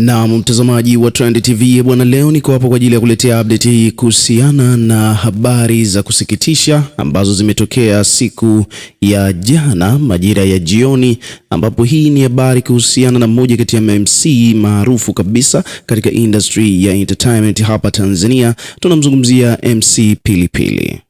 Na mtazamaji wa Trend TV bwana, leo niko hapo kwa ajili ya kuletea update hii kuhusiana na habari za kusikitisha ambazo zimetokea siku ya jana majira ya jioni, ambapo hii ni habari kuhusiana na mmoja kati ya MC maarufu kabisa katika industry ya entertainment hapa Tanzania. Tunamzungumzia MC Pilipili.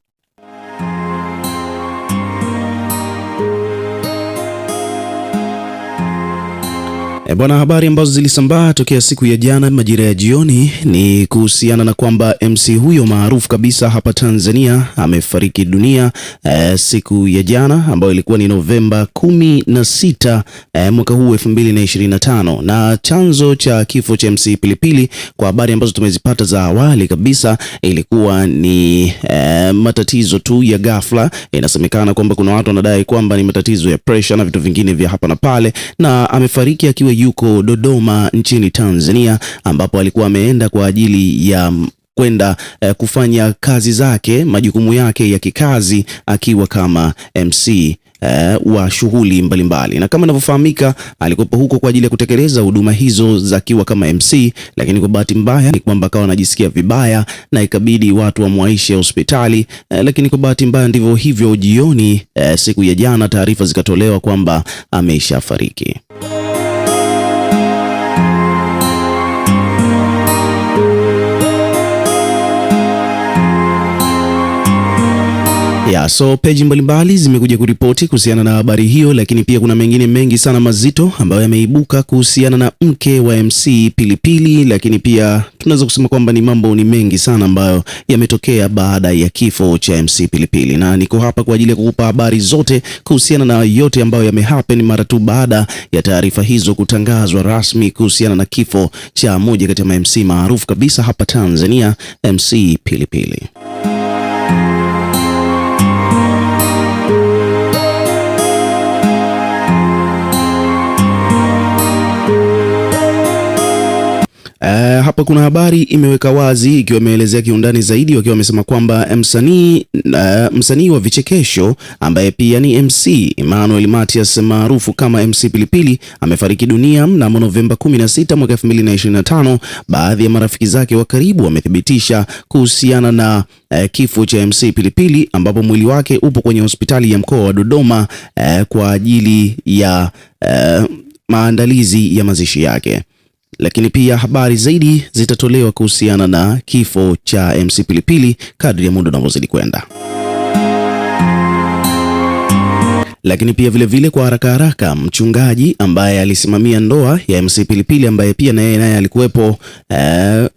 E bwana, habari ambazo zilisambaa tokea siku ya jana majira ya jioni ni kuhusiana na kwamba MC huyo maarufu kabisa hapa Tanzania amefariki dunia e, siku ya jana ambayo ilikuwa ni Novemba kumi na sita e, mwaka huu 2025 na chanzo cha kifo cha MC Pilipili kwa habari ambazo tumezipata za awali kabisa ilikuwa ni e, matatizo tu ya ghafla. Inasemekana kwamba kuna watu wanadai kwamba ni matatizo ya pressure na vitu vingine vya hapa na pale, na amefariki akiwa yuko Dodoma nchini Tanzania ambapo alikuwa ameenda kwa ajili ya kwenda eh, kufanya kazi zake, majukumu yake ya kikazi akiwa kama MC eh, wa shughuli mbalimbali, na kama inavyofahamika alikuwepo huko kwa ajili ya kutekeleza huduma hizo zakiwa kama MC, lakini kwa bahati mbaya ni kwamba akawa anajisikia vibaya na ikabidi watu wamwaishe hospitali eh, lakini kwa bahati mbaya ndivyo hivyo. Jioni eh, siku ya jana taarifa zikatolewa kwamba fariki Yeah, so peji mbalimbali zimekuja kuripoti kuhusiana na habari hiyo, lakini pia kuna mengine mengi sana mazito ambayo yameibuka kuhusiana na mke wa MC Pilipili pili, lakini pia tunaweza kusema kwamba ni mambo ni mengi sana ambayo yametokea baada ya kifo cha MC Pilipili pili. Na niko hapa kwa ajili ya kukupa habari zote kuhusiana na yote ambayo yamehappen mara tu baada ya taarifa hizo kutangazwa rasmi kuhusiana na kifo cha moja kati ya MC maarufu kabisa hapa Tanzania, MC Pilipili pili. hapa kuna habari imeweka wazi ikiwa imeelezea kiundani zaidi, wakiwa wamesema kwamba msanii uh, msanii wa vichekesho ambaye pia ni MC Emmanuel Matias maarufu kama MC Pilipili amefariki dunia mnamo Novemba 16 mwaka 2025. Baadhi ya marafiki zake wa karibu wamethibitisha kuhusiana na uh, kifo cha MC Pilipili ambapo mwili wake upo kwenye hospitali ya mkoa wa Dodoma uh, kwa ajili ya uh, maandalizi ya mazishi yake lakini pia habari zaidi zitatolewa kuhusiana na kifo cha MC Pilipili kadri ya muda unavyozidi kwenda. Lakini pia vilevile vile kwa haraka haraka, mchungaji ambaye alisimamia ndoa ya MC Pilipili ambaye pia na yeye naye alikuwepo eh,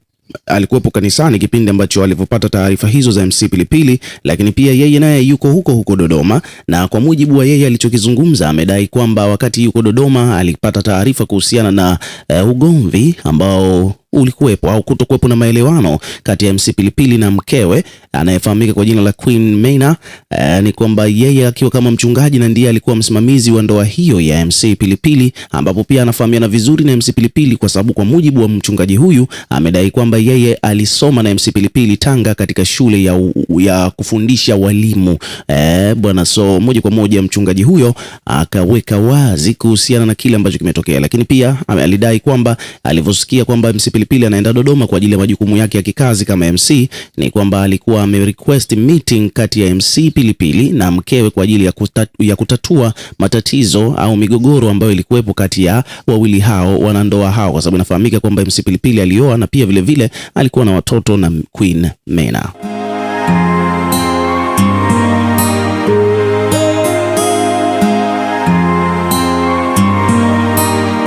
alikuwepo kanisani kipindi ambacho alivyopata taarifa hizo za MC Pilipili, lakini pia yeye naye yuko huko huko Dodoma, na kwa mujibu wa yeye alichokizungumza, amedai kwamba wakati yuko Dodoma alipata taarifa kuhusiana na uh, ugomvi ambao ulikuwepo au kutokuwepo na maelewano kati ya MC Pilipili na mkewe anayefahamika kwa jina la Queen Maina. E, ni kwamba yeye akiwa kama mchungaji na ndiye alikuwa msimamizi wa ndoa hiyo ya MC Pilipili, ambapo pia anafahamiana vizuri na MC Pilipili kwa sababu kwa mujibu wa mchungaji huyu amedai kwamba yeye alisoma na MC Pilipili Tanga katika shule ya, u, ya kufundisha walimu e, bwana. So moja kwa moja mchungaji huyo akaweka wazi kuhusiana na kile ambacho kimetokea, lakini pia alidai kwamba alivyosikia kwamba MC Pilipili Pilipili anaenda Dodoma kwa ajili ya majukumu yake ya kikazi kama MC, ni kwamba alikuwa amerequest meeting kati ya MC Pilipili na mkewe kwa ajili ya, kutat, ya kutatua matatizo au migogoro ambayo ilikuwepo kati ya wawili hao wanandoa hao, kwa sababu inafahamika kwamba MC Pilipili alioa na pia vilevile vile, alikuwa na watoto na Queen Mena.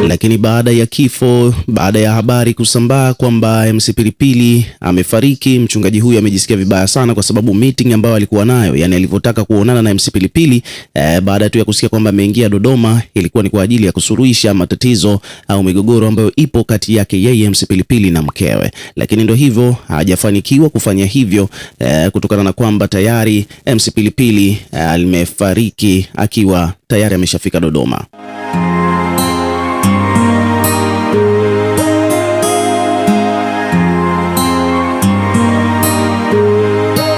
Lakini baada ya kifo, baada ya habari kusambaa kwamba MC Pilipili amefariki, mchungaji huyu amejisikia vibaya sana, kwa sababu meeting ambayo alikuwa nayo, yani alivyotaka kuonana na MC Pilipili eh, baada tu ya kusikia kwamba ameingia Dodoma, ilikuwa ni kwa ajili ya kusuruhisha matatizo au migogoro ambayo ipo kati yake yeye MC Pilipili na mkewe, lakini ndo hivyo hajafanikiwa kufanya hivyo eh, kutokana na kwamba tayari MC Pilipili eh, alimefariki akiwa tayari ameshafika Dodoma.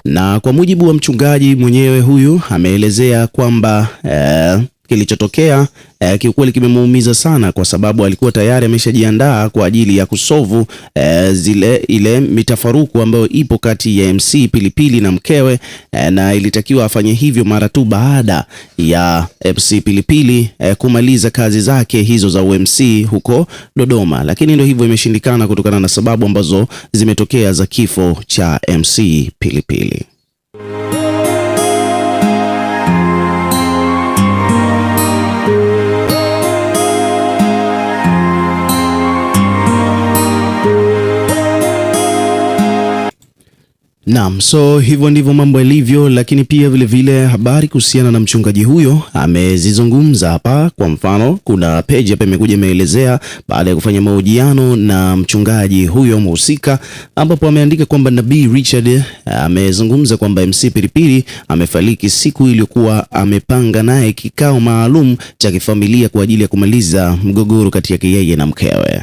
na kwa mujibu wa mchungaji mwenyewe huyu ameelezea kwamba eh, kilichotokea eh, kiukweli kimemuumiza sana, kwa sababu alikuwa tayari ameshajiandaa kwa ajili ya kusovu eh, zile ile mitafaruku ambayo ipo kati ya MC Pilipili na mkewe eh, na ilitakiwa afanye hivyo mara tu baada ya MC Pilipili eh, kumaliza kazi zake hizo za UMC huko Dodoma, lakini ndio hivyo, imeshindikana kutokana na sababu ambazo zimetokea za kifo cha MC Pilipili. Naam, so hivyo ndivyo mambo yalivyo, lakini pia vilevile vile habari kuhusiana na mchungaji huyo amezizungumza hapa. Kwa mfano, kuna page hapa imekuja imeelezea baada ya kufanya mahojiano na mchungaji huyo mhusika, ambapo ameandika kwamba Nabii Richard eh, amezungumza kwamba MC Pilipili amefariki siku iliyokuwa amepanga naye kikao maalum cha kifamilia kwa ajili ya kumaliza mgogoro kati yake yeye na mkewe.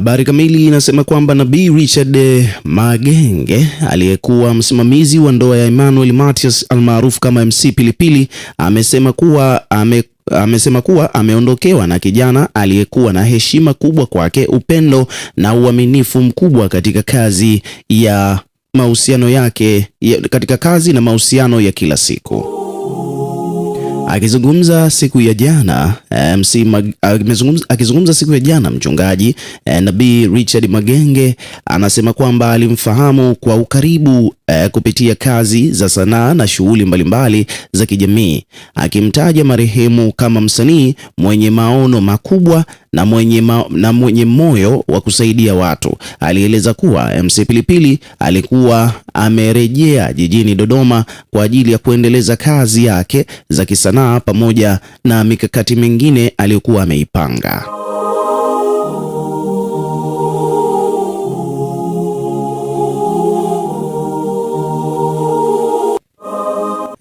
Habari kamili inasema kwamba Nabii Richard eh, Magenge aliyekuwa msimamizi wa ndoa ya Emmanuel Matias almaarufu kama MC Pilipili amesema kuwa ame amesema kuwa ameondokewa na kijana aliyekuwa na heshima kubwa kwake, upendo na uaminifu mkubwa katika kazi ya mahusiano yake, katika kazi na mahusiano ya kila siku. Akizungumza siku ya jana eh, MC akizungumza siku ya jana mchungaji eh, Nabii Richard Magenge anasema kwamba alimfahamu kwa ukaribu eh, kupitia kazi za sanaa na shughuli mbalimbali za kijamii, akimtaja marehemu kama msanii mwenye maono makubwa na mwenye, ma, na mwenye moyo wa kusaidia watu. Alieleza kuwa MC Pilipili alikuwa amerejea jijini Dodoma kwa ajili ya kuendeleza kazi yake za kisanaa pamoja na mikakati mingine aliyokuwa ameipanga.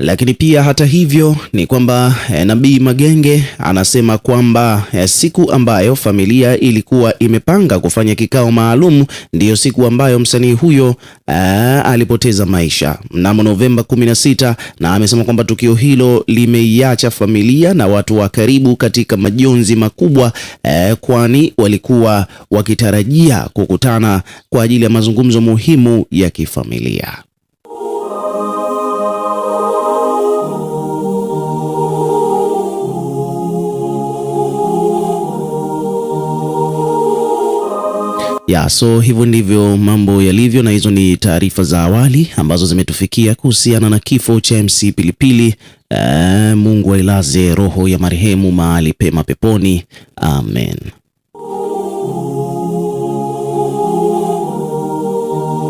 Lakini pia hata hivyo ni kwamba e, Nabii Magenge anasema kwamba e, siku ambayo familia ilikuwa imepanga kufanya kikao maalum ndiyo siku ambayo msanii huyo e, alipoteza maisha mnamo Novemba 16, na amesema kwamba tukio hilo limeiacha familia na watu wa karibu katika majonzi makubwa e, kwani walikuwa wakitarajia kukutana kwa ajili ya mazungumzo muhimu ya kifamilia. Ya, so hivyo ndivyo mambo yalivyo, na hizo ni taarifa za awali ambazo zimetufikia kuhusiana na kifo cha MC Pilipili. E, Mungu ailaze roho ya marehemu mahali pema peponi. Amen.